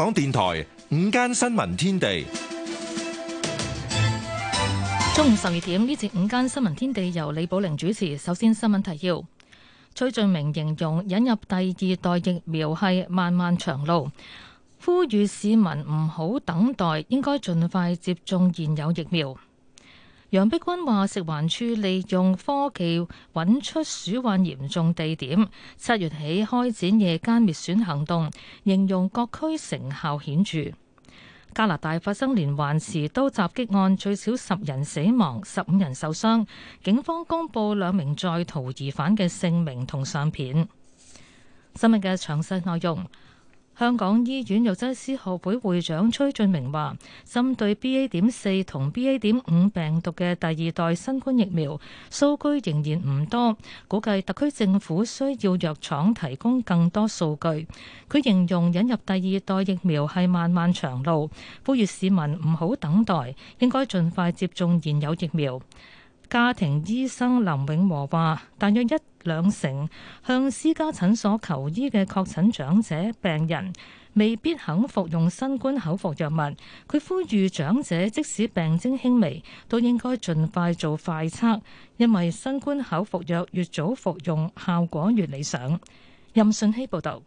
香港電台午間新聞天地，中午十二點，呢節午間新聞天地由李寶玲主持。首先新聞提要：崔俊明形容引入第二代疫苗係漫漫長路，呼籲市民唔好等待，應該盡快接種現有疫苗。楊碧君話：食環署利用科技揾出鼠患嚴重地點，七月起開展夜間滅鼠行動，形容各區成效顯著。加拿大發生連環持刀襲擊案，最少十人死亡，十五人受傷。警方公佈兩名在逃疑犯嘅姓名同相片。新聞嘅詳細內容。香港醫院藥劑師學會會長崔俊明話：針對 BA.4 同 BA.5 病毒嘅第二代新冠疫苗，數據仍然唔多，估計特區政府需要藥廠提供更多數據。佢形容引入第二代疫苗係漫漫長路，呼籲市民唔好等待，應該盡快接種現有疫苗。家庭醫生林永和話：大約一兩成向私家診所求醫嘅確診長者病人未必肯服用新冠口服藥物。佢呼籲長者即使病徵輕微，都應該盡快做快測，因為新冠口服藥越早服用效果越理想。任信希報道。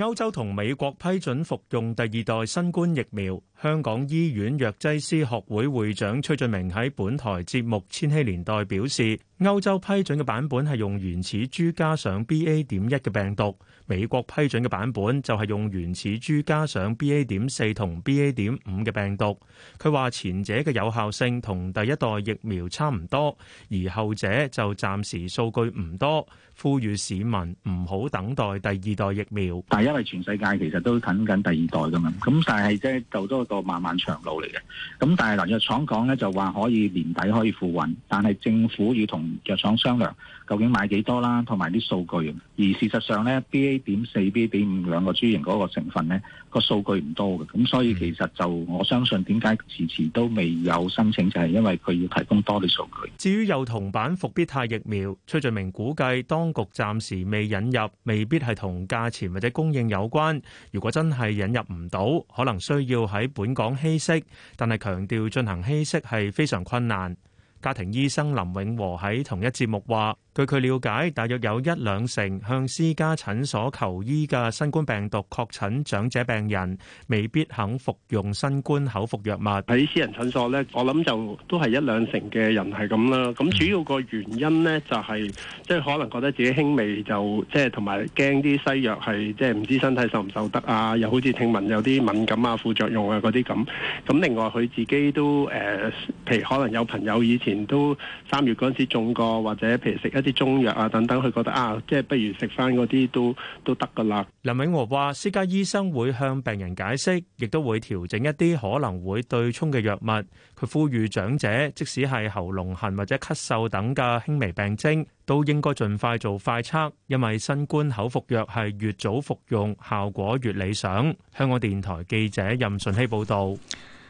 歐洲同美國批准，服用第二代新冠疫苗。香港醫院藥劑師學會會長崔俊明喺本台節目《千禧年代》表示，歐洲批准嘅版本係用原始株加上 B A. 點一嘅病毒，美國批准嘅版本就係用原始株加上 B A. 點四同 B A. 點五嘅病毒。佢話前者嘅有效性同第一代疫苗差唔多，而後者就暫時數據唔多。呼籲市民唔好等待第二代疫苗，但係因為全世界其實都等緊第二代噶嘛，咁但係即係就多個漫漫長路嚟嘅。咁但係嗱，藥廠講咧就話可以年底可以付運，但係政府要同藥廠商量究竟買幾多啦，同埋啲數據。而事實上咧，B A 點四 B A 點五兩個株型嗰個成分咧、個數據唔多嘅，咁所以其實就我相信點解遲遲都未有申請就係因為佢要提供多啲數據。至於幼童版伏必泰疫苗，崔俊明估計當。局暫時未引入，未必係同價錢或者供應有關，如果真係引入唔到，可能需要喺本港稀釋，但係強調進行稀釋係非常困難。家庭醫生林永和喺同一節目話：據佢了解，大約有一兩成向私家診所求醫嘅新冠病毒確診長者病人，未必肯服用新冠口服藥物。喺私人診所呢，我諗就都係一兩成嘅人係咁啦。咁主要個原因呢，就係即係可能覺得自己輕微，就即係同埋驚啲西藥係即係唔知身體受唔受得啊，又好似聽聞有啲敏感啊、副作用啊嗰啲咁。咁另外佢自己都誒，譬如可能有朋友以前，年都三月嗰陣時中過，或者譬如食一啲中藥啊等等，佢覺得啊，即係不如食翻嗰啲都都得噶啦。林永和話私家醫生會向病人解釋，亦都會調整一啲可能會對沖嘅藥物。佢呼籲長者，即使係喉嚨痕或者咳嗽等嘅輕微病徵都應該盡快做快測，因為新冠口服藥係越早服用效果越理想。香港電台記者任順希報道。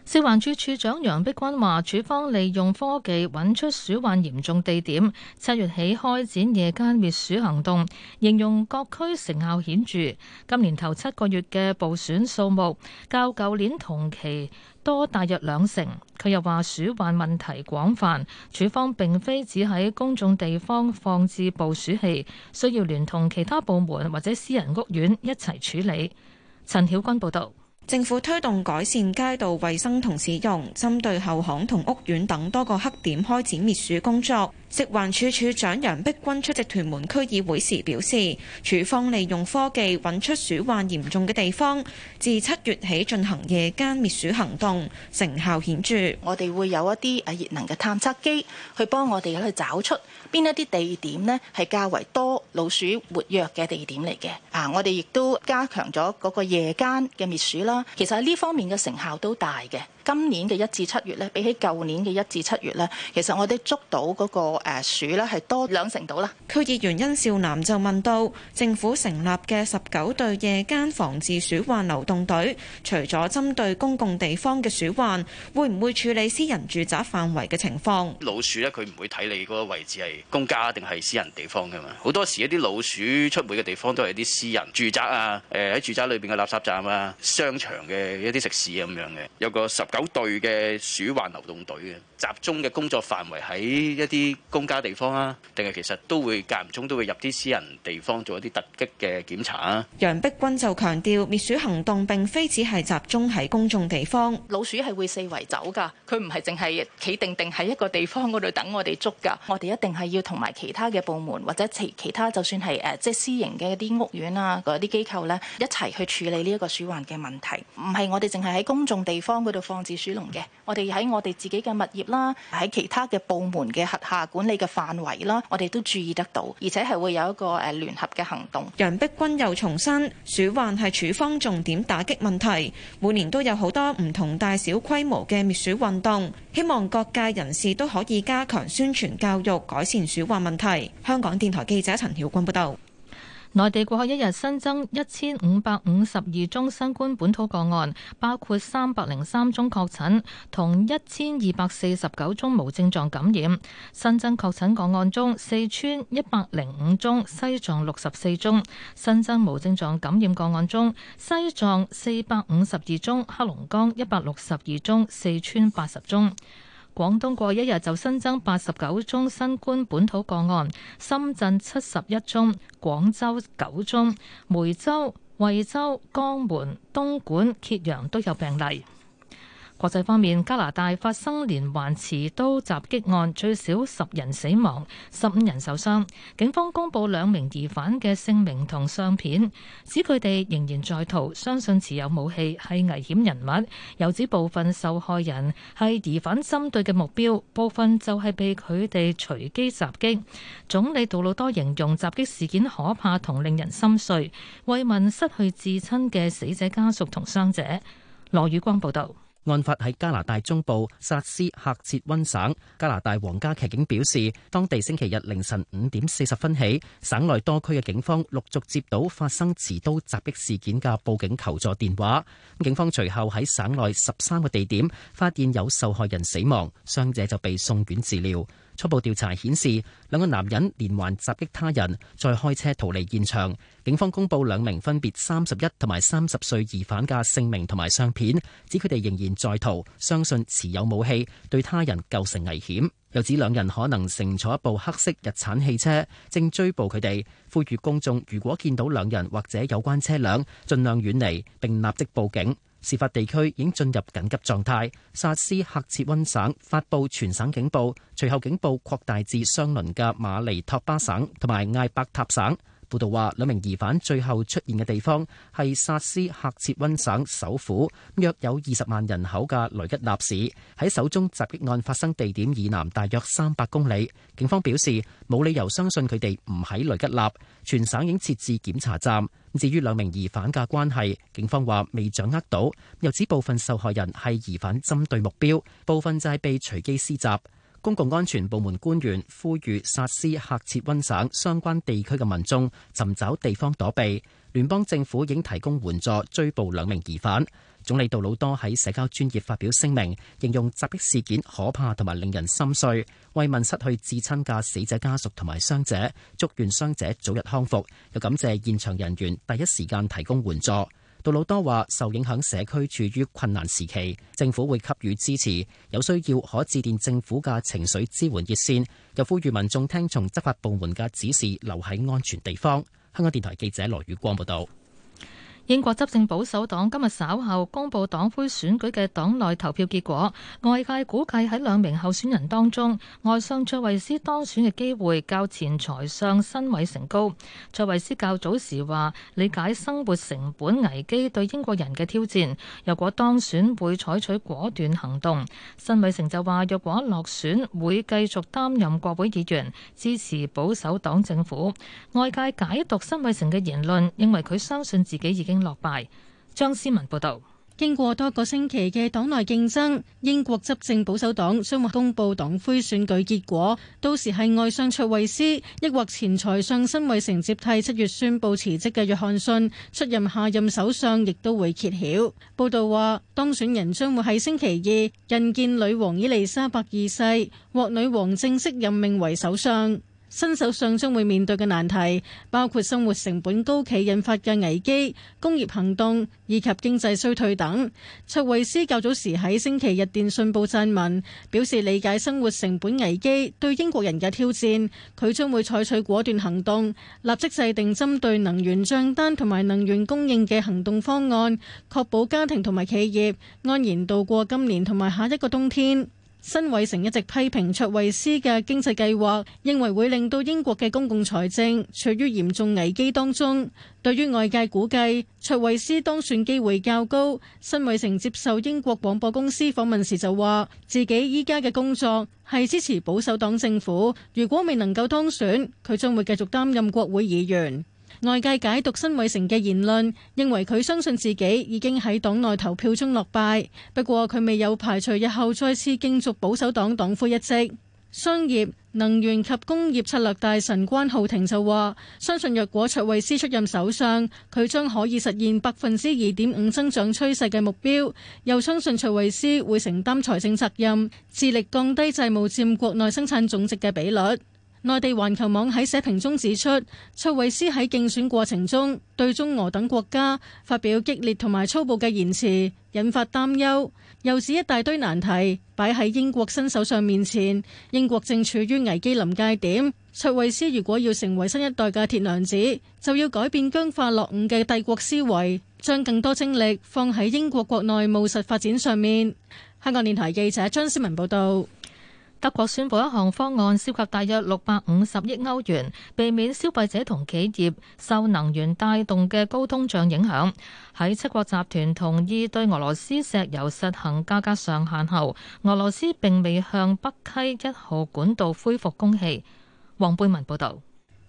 食環署署長楊碧君話，署方利用科技揾出鼠患嚴重地點，七月起開展夜間滅鼠行動，形容各區成效顯著。今年頭七個月嘅捕鼠數目，較舊年同期多大約兩成。佢又話鼠患問題廣泛，署方並非只喺公眾地方放置捕鼠器，需要聯同其他部門或者私人屋苑一齊處理。陳曉君報道。政府推動改善街道衛生同市容，針對後巷同屋苑等多個黑點開展滅鼠工作。食環署署長楊碧君出席屯門區議會時表示，署方利用科技揾出鼠患嚴重嘅地方，自七月起進行夜間滅鼠行動，成效顯著。我哋會有一啲誒熱能嘅探測機，去幫我哋去找出邊一啲地點呢係較為多老鼠活躍嘅地點嚟嘅。啊，我哋亦都加強咗嗰個夜間嘅滅鼠啦。其實呢方面嘅成效都大嘅。今年嘅一至七月呢，比起舊年嘅一至七月呢，其實我哋捉到嗰、那個誒、啊、鼠呢，係多兩成度啦。區議員殷少南就問到：政府成立嘅十九隊夜間防治鼠患流動隊，除咗針對公共地方嘅鼠患，會唔會處理私人住宅範圍嘅情況？老鼠咧，佢唔會睇你嗰個位置係公家定係私人地方㗎嘛？好多時一啲老鼠出沒嘅地方都係啲私人住宅啊，誒，喺住宅裏邊嘅垃圾站啊、商場嘅一啲食肆咁樣嘅，有個十九。有隊嘅鼠患流動隊嘅集中嘅工作範圍喺一啲公家地方啊，定係其實都會間唔中都會入啲私人地方做一啲突擊嘅檢查啊。楊碧君就強調滅鼠行動並非只係集中喺公眾地方，老鼠係會四圍走噶，佢唔係淨係企定定喺一個地方嗰度等我哋捉噶，我哋一定係要同埋其他嘅部門或者其其他就算係誒即係私營嘅一啲屋苑啊嗰啲機構咧一齊去處理呢一個鼠患嘅問題，唔係我哋淨係喺公眾地方嗰度放。放置鼠籠嘅，我哋喺我哋自己嘅物業啦，喺其他嘅部門嘅轄下管理嘅範圍啦，我哋都注意得到，而且係會有一個誒聯合嘅行動。楊碧君又重申，鼠患係處方重點打擊問題，每年都有好多唔同大小規模嘅滅鼠運動，希望各界人士都可以加強宣傳教育，改善鼠患問題。香港電台記者陳曉君報道。內地過去一日新增一千五百五十二宗新冠本土個案，包括三百零三宗確診，同一千二百四十九宗無症狀感染。新增確診個案中，四川一百零五宗，西藏六十四宗；新增無症狀感染個案中，西藏四百五十二宗，黑龍江一百六十二宗，四川八十宗。廣東過一日就新增八十九宗新冠本土個案，深圳七十一宗、廣州九宗，梅州、惠州、江門、東莞、揭陽都有病例。國際方面，加拿大發生連環持刀襲擊案，最少十人死亡，十五人受傷。警方公布兩名疑犯嘅姓名同相片，指佢哋仍然在逃，相信持有武器係危險人物。又指部分受害人係疑犯針對嘅目標，部分就係被佢哋隨機襲擊。總理杜魯多形容襲擊事件可怕同令人心碎，慰問失去至親嘅死者家屬同傷者。羅宇光報道。案發喺加拿大中部薩斯喀徹溫省，加拿大皇家騎警表示，當地星期日凌晨五點四十分起，省內多區嘅警方陸續接到發生持刀襲擊事件嘅報警求助電話。警方隨後喺省內十三個地點發現有受害人死亡，傷者就被送院治療。初步調查顯示，兩個男人連環襲擊他人，再開車逃離現場。警方公布兩名分別三十一同埋三十歲疑犯嘅姓名同埋相片，指佢哋仍然在逃，相信持有武器對他人構成危險，又指兩人可能乘坐一部黑色日產汽車，正追捕佢哋。呼籲公眾如果見到兩人或者有關車輛，盡量遠離，並立即報警。事發地區已經進入緊急狀態，薩斯喀徹溫省發佈全省警報，隨後警報擴大至相鄰嘅馬尼托巴省同埋艾伯塔省。報導話，兩名疑犯最後出現嘅地方係薩斯喀徹溫省首府，約有二十萬人口嘅雷吉納市，喺手中襲擊案發生地點以南大約三百公里。警方表示，冇理由相信佢哋唔喺雷吉納。全省已經設置檢查站。至於兩名疑犯嘅關係，警方話未掌握到。又指部分受害人係疑犯針對目標，部分就係被隨機施襲。公共安全部門官員呼籲薩斯喀徹溫省相關地區嘅民眾尋找地方躲避。聯邦政府已經提供援助追捕兩名疑犯。總理杜魯多喺社交專頁發表聲明，形容襲擊事件可怕同埋令人心碎，慰問失去至親嘅死者家屬同埋傷者，祝願傷者早日康復，又感謝現場人員第一時間提供援助。杜魯多話：受影響社區處於困難時期，政府會給予支持，有需要可致電政府嘅情緒支援熱線，又呼籲民眾聽從執法部門嘅指示，留喺安全地方。香港電台記者羅宇光報道。英國執政保守黨今日稍後公布黨魁選舉嘅黨內投票結果，外界估計喺兩名候選人當中，外相卓慧思當選嘅機會較前財相辛偉誠高。卓慧思較早時話理解生活成本危機對英國人嘅挑戰，若果當選會採取果斷行動。辛偉誠就話若果落選會繼續擔任國會議員，支持保守黨政府。外界解讀辛偉誠嘅言論，認為佢相信自己已經落敗。張思文報道，經過多個星期嘅黨內競爭，英國執政保守黨將會公布黨魁選舉結果。到時係外相卓慧斯，抑或前財相新衛成接替七月宣布辭職嘅約翰遜出任下任首相，亦都會揭曉。報道話，當選人將會喺星期二覲見女王伊麗莎白二世，獲女王正式任命為首相。新手上將會面對嘅難題包括生活成本高企引發嘅危機、工業行動以及經濟衰退等。卓慧思較早時喺星期日電訊報撰文，表示理解生活成本危機對英國人嘅挑戰，佢將會採取果斷行動，立即制定針對能源帳單同埋能源供應嘅行動方案，確保家庭同埋企業安然度過今年同埋下一個冬天。新偉成一直批評卓慧思嘅經濟計劃，認為會令到英國嘅公共財政處於嚴重危機當中。對於外界估計，卓慧思當選機會較高。新偉成接受英國廣播公司訪問時就話，自己依家嘅工作係支持保守黨政府。如果未能夠當選，佢將會繼續擔任國會議員。外界解讀新偉成嘅言論，認為佢相信自己已經喺黨內投票中落敗，不過，佢未有排除日後再次競逐保守黨黨魁一職。商業能源及工業策略大臣關浩庭就話，相信若果卓慧思出任首相，佢將可以實現百分之二點五增長趨勢嘅目標，又相信卓慧思會承擔財政責任，致力降低債務佔國內生產總值嘅比率。內地環球網喺社評中指出，卓慧思喺競選過程中對中俄等國家發表激烈同埋粗暴嘅言辭，引發擔憂。又指一大堆難題擺喺英國新首相面前，英國正處於危機臨界點。卓慧思如果要成為新一代嘅鐵娘子，就要改變僵化落伍嘅帝國思維，將更多精力放喺英國國內務實發展上面。香港電台記者張思文報道。德國宣布一項方案，涉及大約六百五十億歐元，避免消費者同企業受能源帶動嘅高通脹影響。喺七國集團同意對俄羅斯石油實行價格上限後，俄羅斯並未向北溪一號管道恢復供氣。黃貝文報道。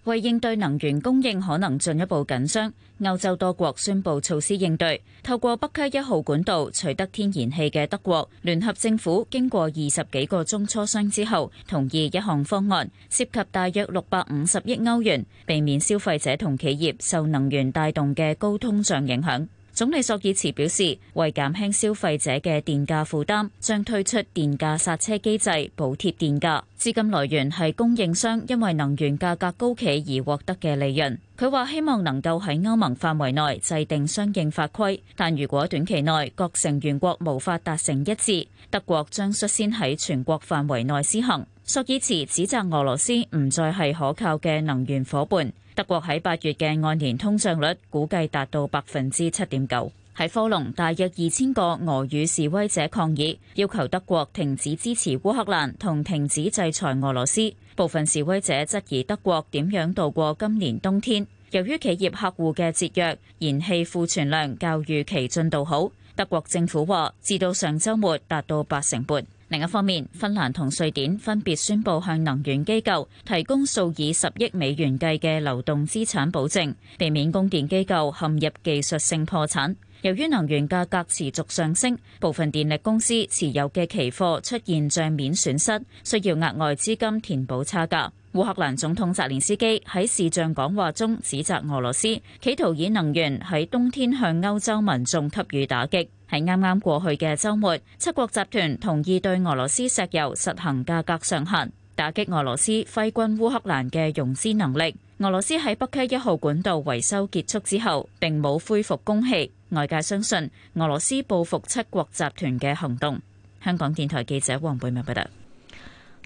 為應對能源供應可能進一步緊張，歐洲多國宣布措施應對。透過北溪一號管道取得天然氣嘅德國，聯合政府經過二十幾個鐘磋商之後，同意一項方案，涉及大約六百五十億歐元，避免消費者同企業受能源帶動嘅高通脹影響。總理索爾茨表示，為減輕消費者嘅電價負擔，將推出電價剎車機制補貼，補貼電價。資金來源係供應商因為能源價格高企而獲得嘅利潤。佢話希望能夠喺歐盟範圍內制定相應法規，但如果短期內各成員國無法達成一致，德國將率先喺全國範圍內施行。索爾茨指責俄羅斯唔再係可靠嘅能源伙伴。德國喺八月嘅按年通脹率估計達到百分之七點九。喺科隆，大約二千個俄語示威者抗議，要求德國停止支持烏克蘭同停止制裁俄羅斯。部分示威者質疑德國點樣度過今年冬天。由於企業客戶嘅節約，燃氣庫存量較預期進度好。德國政府話，至到上週末達到八成半。另一方面，芬蘭同瑞典分別宣布向能源機構提供數以十億美元計嘅流動資產保證，避免供電機構陷入技術性破產。由於能源價格持續上升，部分電力公司持有嘅期貨出現賬面損失，需要額外資金填補差價。烏克蘭總統澤連斯基喺視像講話中指責俄羅斯企圖以能源喺冬天向歐洲民眾給予打擊。喺啱啱過去嘅周末，七國集團同意對俄羅斯石油實行價格上限，打擊俄羅斯揮軍烏克蘭嘅融資能力。俄羅斯喺北溪一號管道維修結束之後，並冇恢復供氣，外界相信俄羅斯報復七國集團嘅行動。香港電台記者黃貝文報道。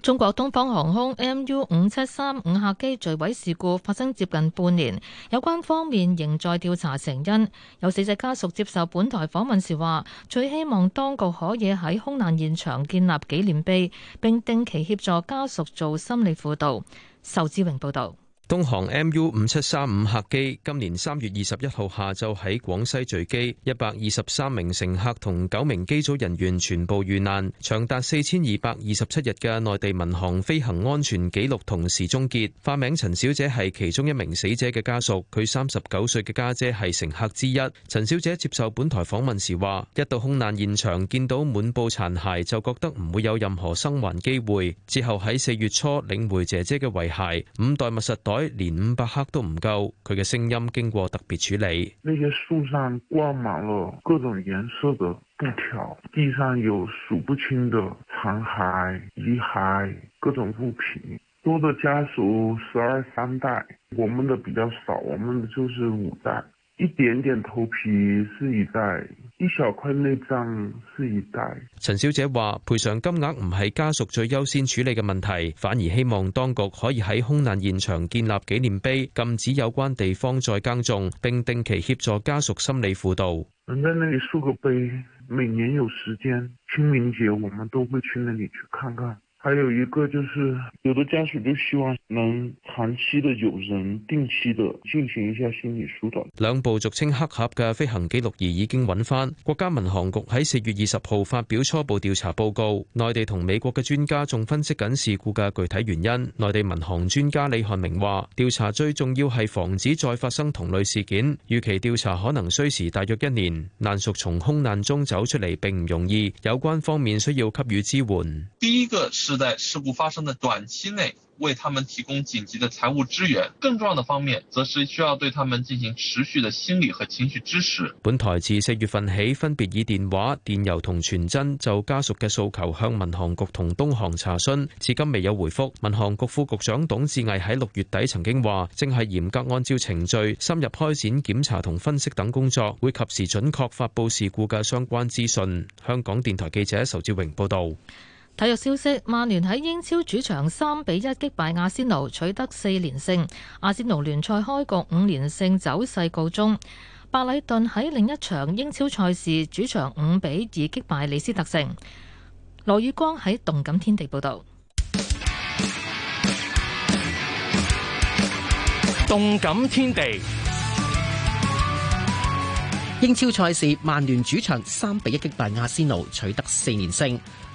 中國東方航空 MU 五七三五客機墜毀事故發生接近半年，有關方面仍在調查成因。有死者家屬接受本台訪問時話，最希望當局可以喺空難現場建立紀念碑，並定期協助家屬做心理輔導。仇志榮報道。東航 MU 五七三五客機今年三月二十一號下晝喺廣西墜機，一百二十三名乘客同九名機組人員全部遇難，長達四千二百二十七日嘅內地民航飛行安全紀錄同時終結。化名陳小姐係其中一名死者嘅家屬，佢三十九歲嘅家姐係乘客之一。陳小姐接受本台訪問時話，一到空難現場見到滿布殘骸，就覺得唔會有任何生還機會。之後喺四月初領回姐姐嘅遺骸，五袋密實袋。連五百克都唔夠，佢嘅聲音經過特別處理。那些樹上掛滿了各種顏色嘅布條，地上有數不清的殘骸、遺骸、各種物品。多的家屬十二三代，我們的比較少，我們的就是五代。一點點頭皮是一袋，一小塊內臟是一袋。陳小姐話：賠償金額唔係家屬最優先處理嘅問題，反而希望當局可以喺空難現場建立紀念碑，禁止有關地方再耕種，並定期協助家屬心理輔導。能在那裏豎個碑，每年有時間清明節，我們都會去那裏去看看。還有一個就是，有的家屬就希望能長期的有人定期的進行一下心理疏導。兩部俗稱黑盒嘅飛行記錄儀已經揾翻。國家民航局喺四月二十號發表初步調查報告，內地同美國嘅專家仲分析緊事故嘅具體原因。內地民航專家李漢明話，調查最重要係防止再發生同類事件，預期調查可能需時大約一年。難屬從空難中走出嚟並唔容易，有關方面需要給予支援。第一個是。在事故發生的短期內，為他們提供緊急的財務支援。更重要的方面，則是需要對他們進行持續的心理和情緒支持。本台自四月份起，分別以電話、電郵同傳真就家屬嘅訴求向民航局同東航查詢，至今未有回覆。民航局副局長董志毅喺六月底曾經話，正係嚴格按照程序，深入開展檢查同分析等工作，會及時準確發布事故嘅相關資訊。香港電台記者仇志榮報道。體育消息：曼聯喺英超主場三比一擊敗亞仙奴，取得四連勝。亞仙奴聯賽開局五連勝走勢告終。巴里頓喺另一場英超賽事主場五比二擊敗里斯特城。羅宇光喺動感天地報道。動感天地。報動感天地英超賽事，曼聯主場三比一擊敗亞仙奴，取得四連勝。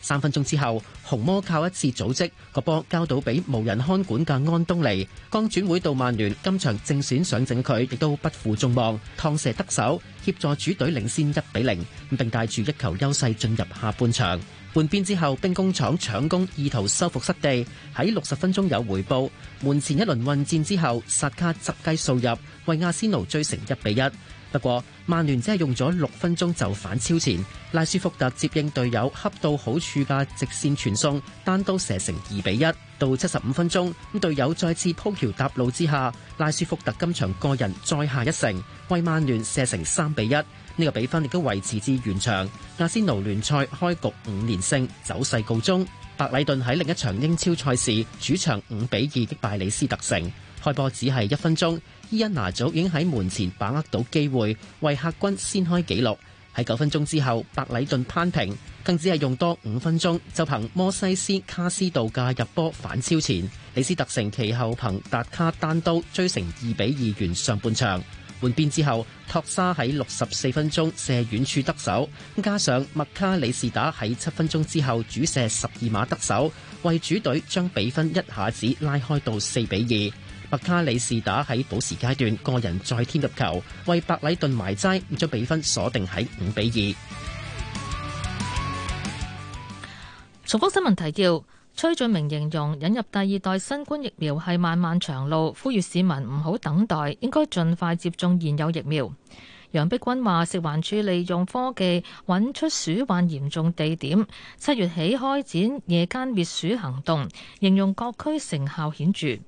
三分鐘之後，紅魔靠一次組織個波交到俾無人看管嘅安東尼，剛轉會到曼聯，今場正選上陣嘅佢亦都不負眾望，趟射得手，協助主隊領先一比零，咁並帶住一球優勢進入下半場。換邊之後，兵工廠搶攻，意圖收復失地，喺六十分鐘有回報，門前一輪混戰之後，薩卡執雞掃入，為亞仙奴追成一比一。不過，曼聯只係用咗六分鐘就反超前，拉舒福特接應隊友恰到好處嘅直線傳送，單刀射成二比一。到七十五分鐘，咁隊友再次鋪橋搭路之下，拉舒福特今場個人再下一城，為曼聯射成三比一。呢個比分亦都維持至完場。阿仙奴聯賽開局五連勝，走勢告終。白禮頓喺另一場英超賽事主場五比二擊敗里斯特城，開波只係一分鐘。伊恩拿祖已經喺門前把握到機會，為客軍先開紀錄。喺九分鐘之後，白禮頓攀平，更只係用多五分鐘，就憑摩西斯卡斯度嘅入波反超前。李斯特城其後憑達卡單刀追成二比二完上半場。換邊之後，托沙喺六十四分鐘射遠處得手，加上麥卡里士打喺七分鐘之後主射十二碼得手，為主隊將比分一下子拉開到四比二。白卡里斯打喺補時階段個人再添入球，為白禮頓埋齋，將比分鎖定喺五比二。重複新聞提要：崔俊明形容引入第二代新冠疫苗係漫漫長路，呼籲市民唔好等待，應該盡快接種現有疫苗。楊碧君話：食環署利用科技揾出鼠患嚴重地點，七月起開展夜間滅鼠行動，形容各區成效顯著。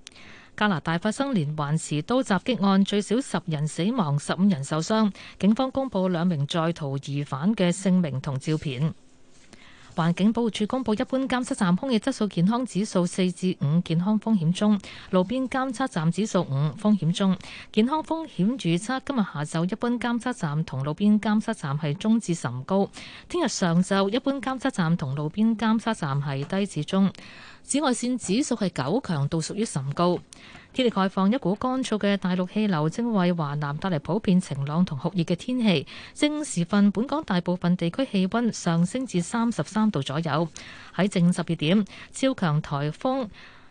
加拿大發生連環持刀襲擊案，最少十人死亡，十五人受傷。警方公布兩名在逃疑犯嘅姓名同照片。環境保護署公布一般監測站空氣質素健康指數四至五，健康風險中；路邊監測站指數五，風險中。健康風險預測今日下晝一般監測站同路邊監測站係中至甚高，聽日上晝一般監測站同路邊監測站係低至中。紫外線指數係九，強度屬於甚高。天氣概況，一股乾燥嘅大陸氣流，正為華南帶嚟普遍晴朗同酷熱嘅天氣。正時分，本港大部分地區氣温上升至三十三度左右。喺正午十二點，超強颱風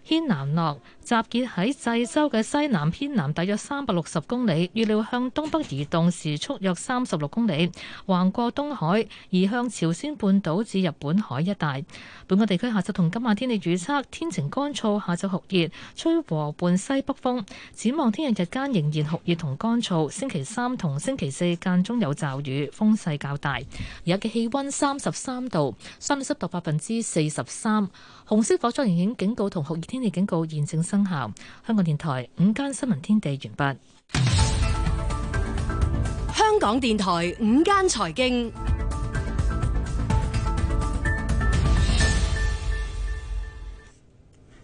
軒嵐諾。集結喺濟州嘅西南偏南，大約三百六十公里，預料向東北移動，時速約三十六公里，橫過東海，移向朝鮮半島至日本海一帶。本港地區下晝同今晚天氣預測：天晴乾燥，下晝酷熱，吹和緩西北風。展望聽日日間仍然酷熱同乾燥，星期三同星期四間中有驟雨，風勢較大。而家嘅氣溫三十三度，相對濕度百分之四十三。紅色火災危險警告同酷熱天氣警告現正生效。生香港電台午間新聞天地完畢。香港電台午間財經。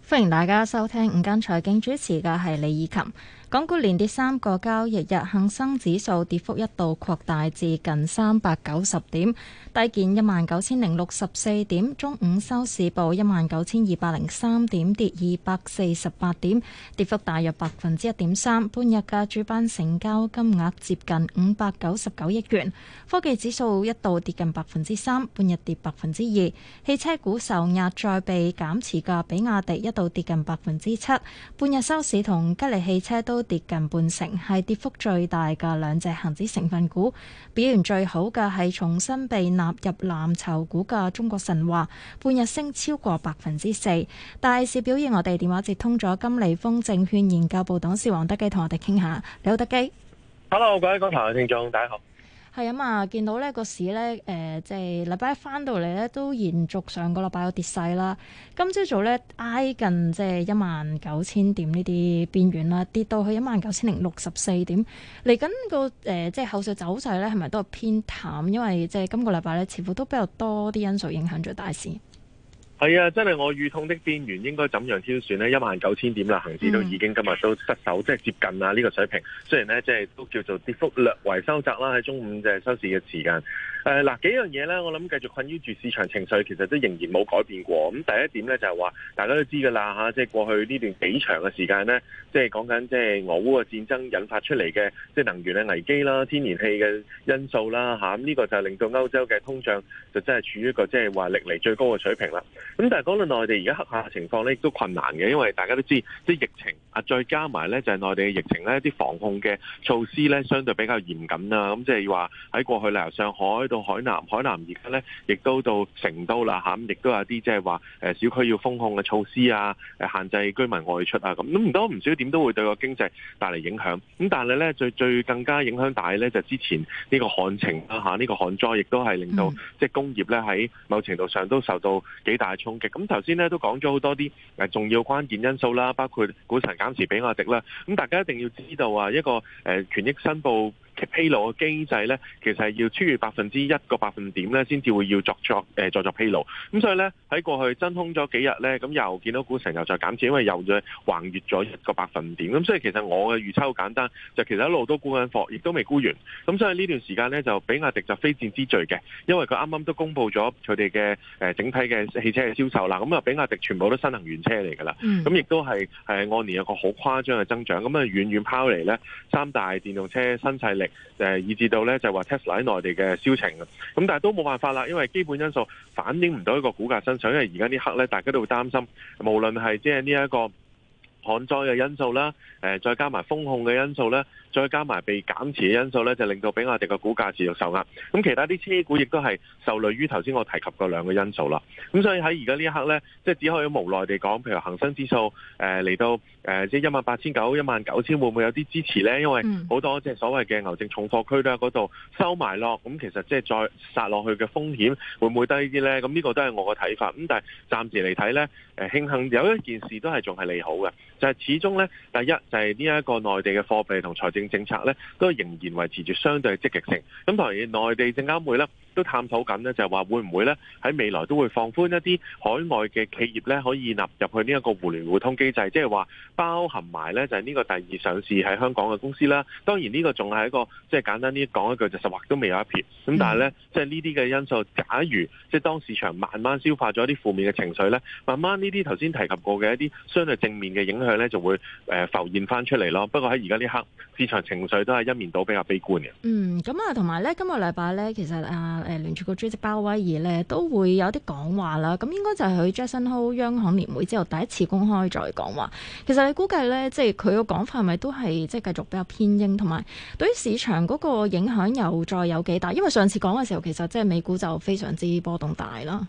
歡迎大家收聽午間財經，主持嘅係李以琴。港股連跌三個交易日，恆生指數跌幅一度擴大至近三百九十點，低見一萬九千零六十四點，中午收市報一萬九千二百零三點，跌二百四十八點，跌幅大約百分之一點三。半日嘅主板成交金額接近五百九十九億元。科技指數一度跌近百分之三，半日跌百分之二。汽車股受壓，再被減持嘅比亞迪一度跌近百分之七，半日收市同吉利汽車都都跌近半成，係跌幅最大嘅兩隻恒指成分股。表現最好嘅係重新被納入藍籌股嘅中國神華，半日升超過百分之四。大市表現，我哋電話接通咗金利豐證券研究部董事王德基，同我哋傾下。你好，德基，Hello，各位港台嘅聽眾，大家好。係啊嘛，見到呢個市呢，誒、呃，即係禮拜一翻到嚟呢，都延續上個禮拜有跌勢啦。今朝早，早呢，挨近即係一萬九千點呢啲邊緣啦，跌到去一萬九千零六十四點。嚟緊個誒，即、呃、係、就是、後續走勢呢，係咪都係偏淡？因為即係今個禮拜呢，似乎都比較多啲因素影響咗大市。係啊，真係我預痛的邊緣應該怎樣挑選呢，一萬九千點啦，恆指都已經今日都失守，即係接近啊呢個水平。雖然呢，即係都叫做跌幅略為收窄啦，喺中午嘅收市嘅時間。誒嗱幾樣嘢咧，我諗繼續困於住市場情緒，其實都仍然冇改變過。咁第一點咧，就係話大家都知㗎啦嚇，即係過去呢段幾長嘅時間咧，即係講緊即係俄烏嘅戰爭引發出嚟嘅即係能源嘅危機啦、天然氣嘅因素啦嚇。呢、啊呢個就令到歐洲嘅通脹就真係處於一個即係話歷嚟最高嘅水平啦。咁但係講到內地而家黑下情況咧，亦都困難嘅，因為大家都知即係疫情啊，再加埋咧就係內地嘅疫情咧，啲防控嘅措施咧相對比較嚴謹啦。咁即係話喺過去例如上海海南，海南而家咧，亦都到成都啦，吓、啊，咁亦都有啲即係話誒，小區要封控嘅措施啊，誒、啊，限制居民外出啊，咁都唔多唔少，點都會對個經濟帶嚟影響，咁但係咧，最最更加影響大咧，就之前呢個旱情啊，吓，呢個旱災亦都係令到、嗯、即係工業咧喺某程度上都受到幾大嘅衝擊。咁頭先咧都講咗好多啲誒重要關鍵因素啦，包括股神減持比亞迪啦。咁大家一定要知道啊，一個誒權益申報。披露嘅機制咧，其實係要超越百分之一個百分點咧，先至會要作作誒作作披露。咁所以咧喺過去真空咗幾日咧，咁又見到股成又再減少，因為又再橫越咗一個百分點。咁所以其實我嘅預測好簡單，就其實一路都沽緊貨，亦都未沽完。咁所以呢段時間咧就比亞迪就非戰之罪嘅，因為佢啱啱都公布咗佢哋嘅誒整體嘅汽車嘅銷售啦。咁啊，比亞迪全部都新能源車嚟㗎啦。咁亦都係誒按年有個好誇張嘅增長。咁啊，遠遠拋離咧三大電動車新勢力。誒，以至到咧就話 Tesla 喺內地嘅銷情啊，咁但係都冇辦法啦，因為基本因素反映唔到一個股價身上，因為而家呢刻咧，大家都會擔心，無論係即係呢一個。旱災嘅因素啦，誒再加埋風控嘅因素咧，再加埋被減持嘅因素咧，就令到俾我哋個股價持續受壓。咁其他啲車股亦都係受累於頭先我提及過兩個因素啦。咁所以喺而家呢一刻咧，即係只可以無奈地講，譬如恒生指數誒嚟到誒即係一萬八千九、一萬九千，會唔會有啲支持咧？因為好多即係所謂嘅牛證重貨區都喺嗰度收埋落，咁其實即係再殺落去嘅風險會唔會低啲咧？咁、這、呢個都係我嘅睇法。咁但係暫時嚟睇咧，誒慶幸有一件事都係仲係利好嘅。就係始終咧，第一就係呢一個內地嘅貨幣同財政政策咧，都仍然維持住相對積極性。咁同埋內地證監會咧，都探討緊咧，就係話會唔會咧喺未來都會放寬一啲海外嘅企業咧，可以納入去呢一個互聯互通機制，即係話包含埋咧就係呢個第二上市喺香港嘅公司啦。當然呢個仲係一個即係簡單啲講一句，就十劃都未有一撇。咁但係咧，即係呢啲嘅因素，假如即係當市場慢慢消化咗一啲負面嘅情緒咧，慢慢呢啲頭先提及過嘅一啲相對正面嘅影響咧，就會誒浮現翻出嚟咯。不過喺而家呢刻，市場情緒都係一面倒比較悲觀嘅。嗯，咁啊，同埋咧，今個禮拜咧，其實啊。誒聯儲局主席鮑威爾咧都會有啲講話啦，咁應該就係佢 Jackson Hole 央行年會之後第一次公開再講話。其實你估計咧，即係佢個講法係咪都係即係繼續比較偏硬，同埋對於市場嗰個影響又再有幾大？因為上次講嘅時候，其實即係美股就非常之波動大啦。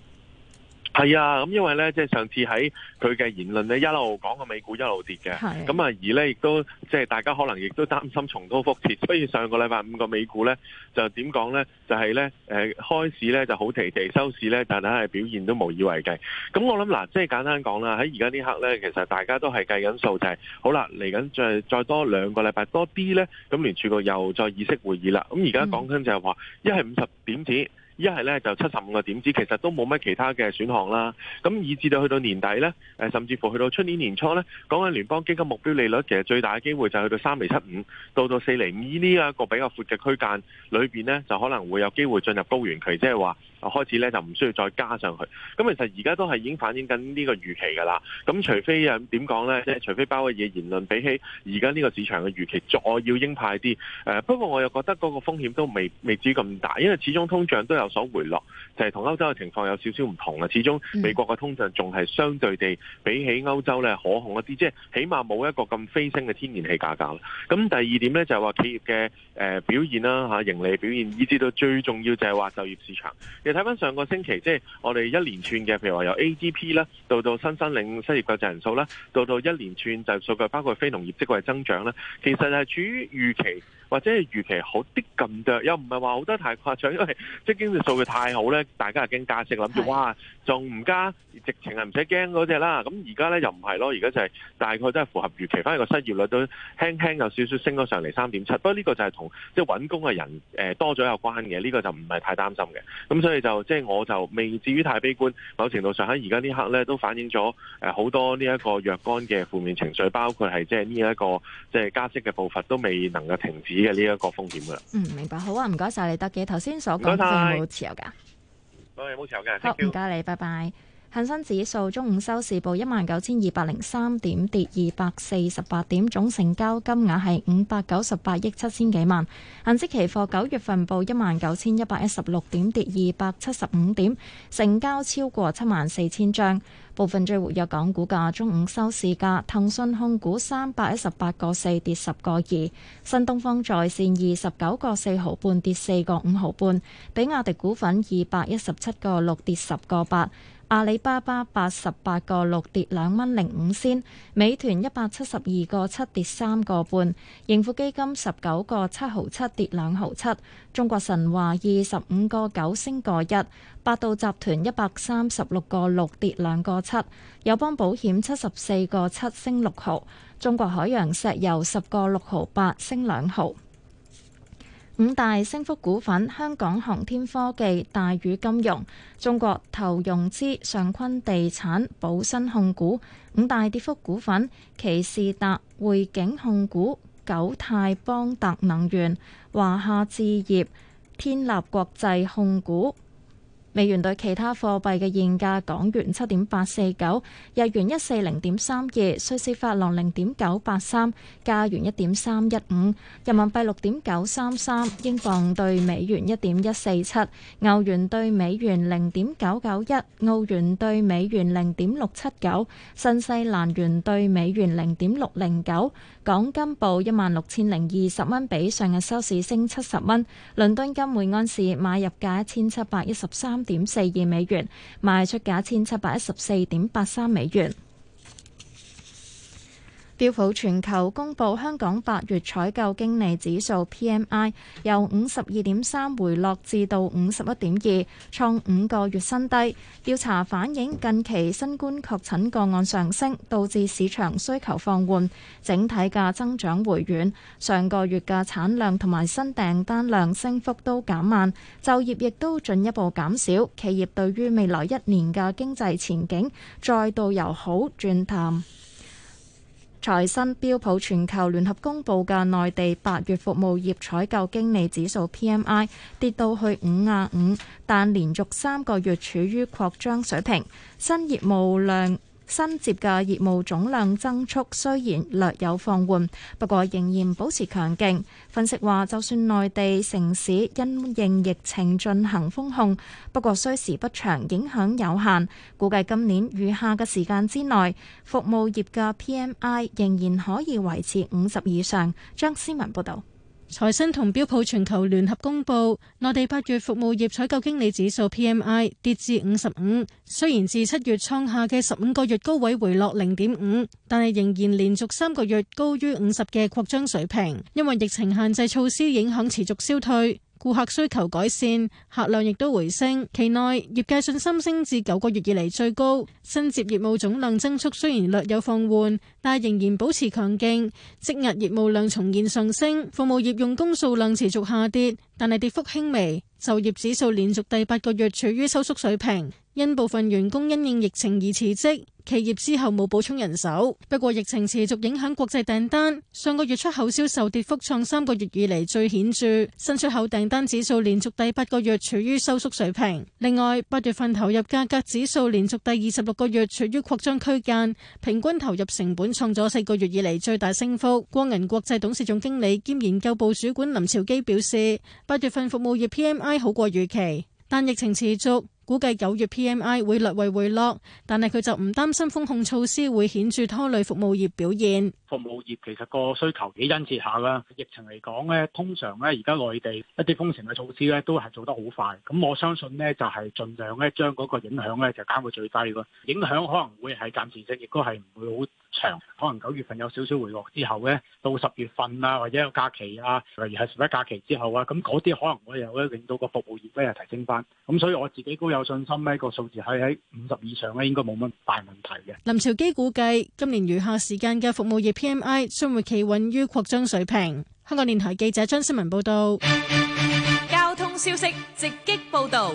係啊，咁因為咧，即係上次喺佢嘅言論咧，一路講個美股一路跌嘅，咁啊的，而咧亦都即係大家可能亦都擔心重蹈覆轍，所以上個禮拜五個美股咧就點講咧，就係咧，誒、就是呃，開市咧就好地地收市咧但係表現都無以為繼。咁、嗯、我諗嗱，即係簡單講啦，喺而家呢刻咧，其實大家都係計緊數，就係好啦，嚟緊再再多兩個禮拜多啲咧，咁聯儲局又再議息會議啦。咁而家講緊就係話，一係五十點子。一係咧就七十五個點子，其實都冇乜其他嘅選項啦。咁以至到去到年底呢，誒甚至乎去到出年年初呢，講緊聯邦基金目標利率，其實最大嘅機會就去到三厘七五到到四厘五呢一個比較闊嘅區間裏邊呢，就可能會有機會進入高原期，即係話。開始咧就唔需要再加上去，咁其實而家都係已經反映緊呢個預期㗎啦。咁除非啊點講咧，即係除非包嘅嘢言論比起而家呢個市場嘅預期再要鷹派啲。誒、呃、不過我又覺得嗰個風險都未未至於咁大，因為始終通脹都有所回落，就係、是、同歐洲嘅情況有少少唔同啊。始終美國嘅通脹仲係相對地比起歐洲咧可控一啲，即係起碼冇一個咁飛升嘅天然氣價格。咁第二點咧就係、是、話企業嘅誒表現啦嚇、啊，盈利表現，以至到最重要就係話就業市場。你睇翻上個星期，即係我哋一連串嘅，譬如話由 ADP 啦，到到新申領失業救濟人數啦，到到一連串就業數據，包括非農業職位增長啦，其實係處於預期。或者係預期好啲咁多，又唔係話好得太誇張，因為即係經濟數據太好咧，大家又驚加息，諗住哇，仲唔加？直情係唔使驚嗰隻啦。咁而家咧又唔係咯，而家就係大概都係符合預期，反而個失業率都輕輕有少少升咗上嚟三點七。不過呢個就係同即係揾工嘅人誒多咗有關嘅，呢、這個就唔係太擔心嘅。咁所以就即係、就是、我就未至於太悲觀，某程度上喺而家呢刻咧都反映咗誒好多呢一個若干嘅負面情緒，包括係即係呢一個即係加息嘅步伐都未能夠停止。只係呢一個風險噶啦，嗯，明白。好啊，唔該晒。你得嘅。頭先所講，有冇持有噶，冇持有嘅。好唔該你，拜拜。恒生指數中午收市報一萬九千二百零三點，跌二百四十八點，總成交金額係五百九十八億七千幾萬。恒指期貨九月份報一萬九千一百一十六點，跌二百七十五點，成交超過七萬四千張。部分最活躍港股價，中午收市價，騰訊控股三百一十八個四，跌十個二；新東方在線二十九個四毫半，跌四個五毫半；比亞迪股份二百一十七個六，跌十個八。阿里巴巴八十八個六，跌兩蚊零五仙，美團一百七十二個七，跌三個半，盈富基金十九個七毫七，跌兩毫七，中國神華二十五個九，升個一，百度集團一百三十六個六，跌兩個七，友邦保險七十四個七，升六毫，中國海洋石油十個六毫八，升兩毫。五大升幅股份：香港航天科技、大宇金融、中國投融資、上坤地產、寶新控股；五大跌幅股份：奇士達、匯景控股、久泰邦達能源、華夏置業、天立國際控股。美元兌其他貨幣嘅現價：港元七點八四九，日元一四零點三二，瑞士法郎零點九八三，加元一點三一五，人民幣六點九三三，英鎊對美元一點一四七，歐元對美元零點九九一，澳元對美元零點六七九，新西蘭元對美元零點六零九。港金報一萬六千零二十蚊，比上日收市升七十蚊。倫敦金每安士買入價一千七百一十三點四二美元，賣出價一千七百一十四點八三美元。標普全球公布香港八月採購經理指數 PMI 由五十二點三回落至到五十一點二，創五個月新低。調查反映近期新冠確診個案上升，導致市場需求放緩，整體價增長回軟。上個月嘅產量同埋新訂單量升幅都減慢，就業亦都進一步減少。企業對於未來一年嘅經濟前景再度由好轉淡。財新、標普全球聯合公布嘅內地八月服務業採購經理指數 PMI 跌到去五啊五，但連續三個月處於擴張水平，新業務量。新接嘅業務總量增速雖然略有放緩，不過仍然保持強勁。分析話，就算內地城市因應疫情進行封控，不過需時不長，影響有限。估計今年餘下嘅時間之內，服務業嘅 PMI 仍然可以維持五十以上。張思文報導。財新同標普全球聯合公布，內地八月服務業採購經理指數 PMI 跌至五十五，雖然自七月創下嘅十五個月高位回落零點五，但係仍然連續三個月高於五十嘅擴張水平，因為疫情限制措施影響持續消退。顧客需求改善，客量亦都回升。期內業界信心升至九個月以嚟最高，新接業務總量增速雖然略有放緩，但仍然保持強勁。積壓業務量重現上升，服務業用工數量持續下跌，但係跌幅輕微。就業指數連續第八個月處於收縮水平。因部分員工因應疫情而辭職，企業之後冇補充人手。不過疫情持續影響國際訂單，上個月出口銷售跌幅創三個月以嚟最顯著，新出口訂單指數連續第八個月處於收縮水平。另外八月份投入價格指數連續第二十六個月處於擴張區間，平均投入成本創咗四個月以嚟最大升幅。光銀國際董事總經理兼研究部主管林兆基表示：八月份服務業 PMI 好過預期，但疫情持續。估計九月 PMI 會略為回落，但係佢就唔擔心風控措施會顯著拖累服務業表現。服務業其實個需求幾殷切下啦，疫情嚟講咧，通常咧而家內地一啲封城嘅措施咧都係做得好快，咁我相信咧就係盡量咧將嗰個影響咧就減到最低喎。影響可能會係暫時性，亦都係唔會好長，可能九月份有少少回落之後咧，到十月份啊或者有假期啊，例如係十一假期之後啊，咁嗰啲可能會又會令到個服務業咧又提升翻。咁所以我自己都有信心咧，個數字喺喺五十以上咧應該冇乜大問題嘅。林兆基估計今年餘下時間嘅服務業。PMI 將會企穩於擴張水平。香港電台記者張新文報道。交通消息直擊報道。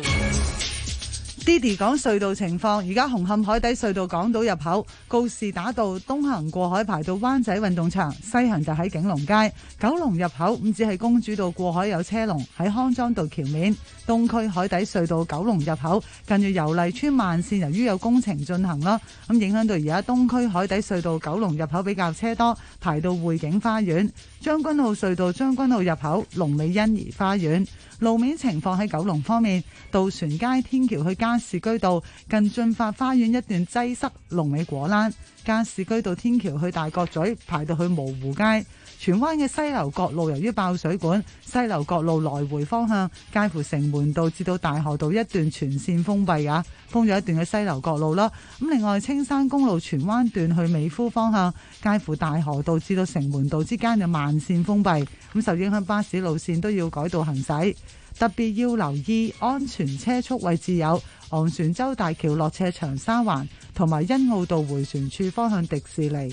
Didi 講隧道情況，而家紅磡海底隧道港島入口告士打道東行過海排到灣仔運動場，西行就喺景隆街。九龍入口唔只係公主道過海有車龍，喺康莊道橋面。東區海底隧道九龍入口近住油麗邨慢線，由於有工程進行啦，咁影響到而家東區海底隧道九龍入口比較車多，排到匯景花園。將軍澳隧道將軍澳入口龍尾欣怡花園。路面情況喺九龍方面，渡船街天橋去加士居道近進發花園一段擠塞，龍尾果欄；加士居道天橋去大角咀排到去蕪湖街。荃灣嘅西樓角路由於爆水管，西樓角路來回方向介乎城門道至到大河道一段全線封閉啊，封咗一段嘅西樓角路啦。咁另外青山公路荃灣段去美孚方向介乎大河道至到城門道之間嘅慢線封閉，咁受影響巴士路線都要改道行駛。特別要留意安全車速位置，有昂船洲大橋落車長沙灣，同埋欣澳道回旋處方向迪士尼。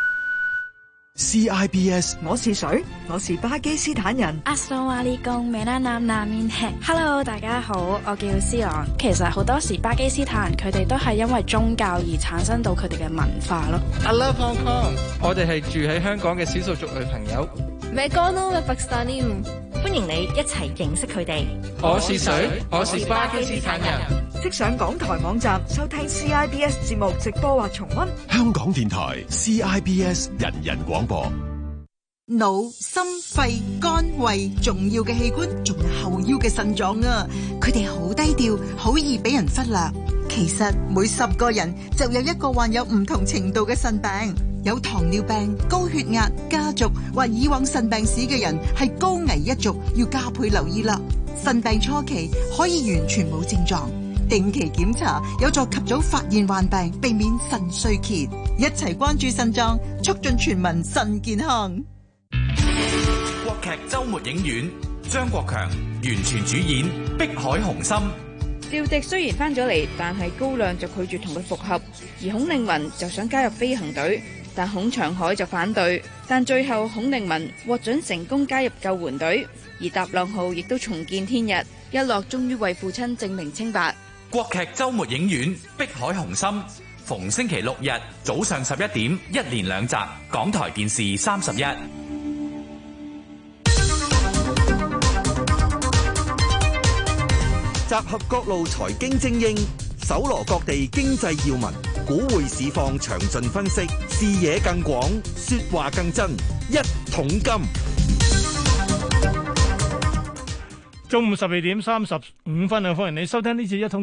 CIBS 我是誰我是巴基斯坦人阿 so 阿 le 公 mana name name Hello 大家好我叫思朗其實好多時巴基斯坦人佢哋都係因為宗教而產生到佢哋嘅文化咯 I love Hong Kong 我哋係住喺香港嘅少數族女朋友 megano 嘅歡迎你一齊認識佢哋。我是誰？我是巴基斯坦人。即上港台網站收聽 CIBS 節目直播或重溫。香港電台 CIBS 人人廣播。腦、心、肺、肝、胃，重要嘅器官，仲有後腰嘅腎臟啊！佢哋好低調，好易俾人忽略。其實每十個人就有一個患有唔同程度嘅腎病。有糖尿病、高血壓、家族或以往腎病史嘅人係高危一族，要加倍留意啦。腎病初期可以完全冇症狀，定期檢查有助及早發現患病，避免腎衰竭。一齊關注腎臟，促進全民腎健康。國劇周末影院，張國強完全主演《碧海雄心》。趙迪雖然翻咗嚟，但係高亮就拒絕同佢復合，而孔令云就想加入飛行隊。但孔長海就反對，但最後孔令文獲准成功加入救援隊，而搭浪號亦都重見天日，一樂終於為父親證明清白。國劇周末影院《碧海雄心》，逢星期六日早上十一點，一連兩集。港台電視三十一，集合各路財經精英。搜羅各地經濟要聞，股匯市況詳盡分析，視野更廣，說話更真，一桶金。中午十二點三十五分啊！歡迎你收聽呢次一桶。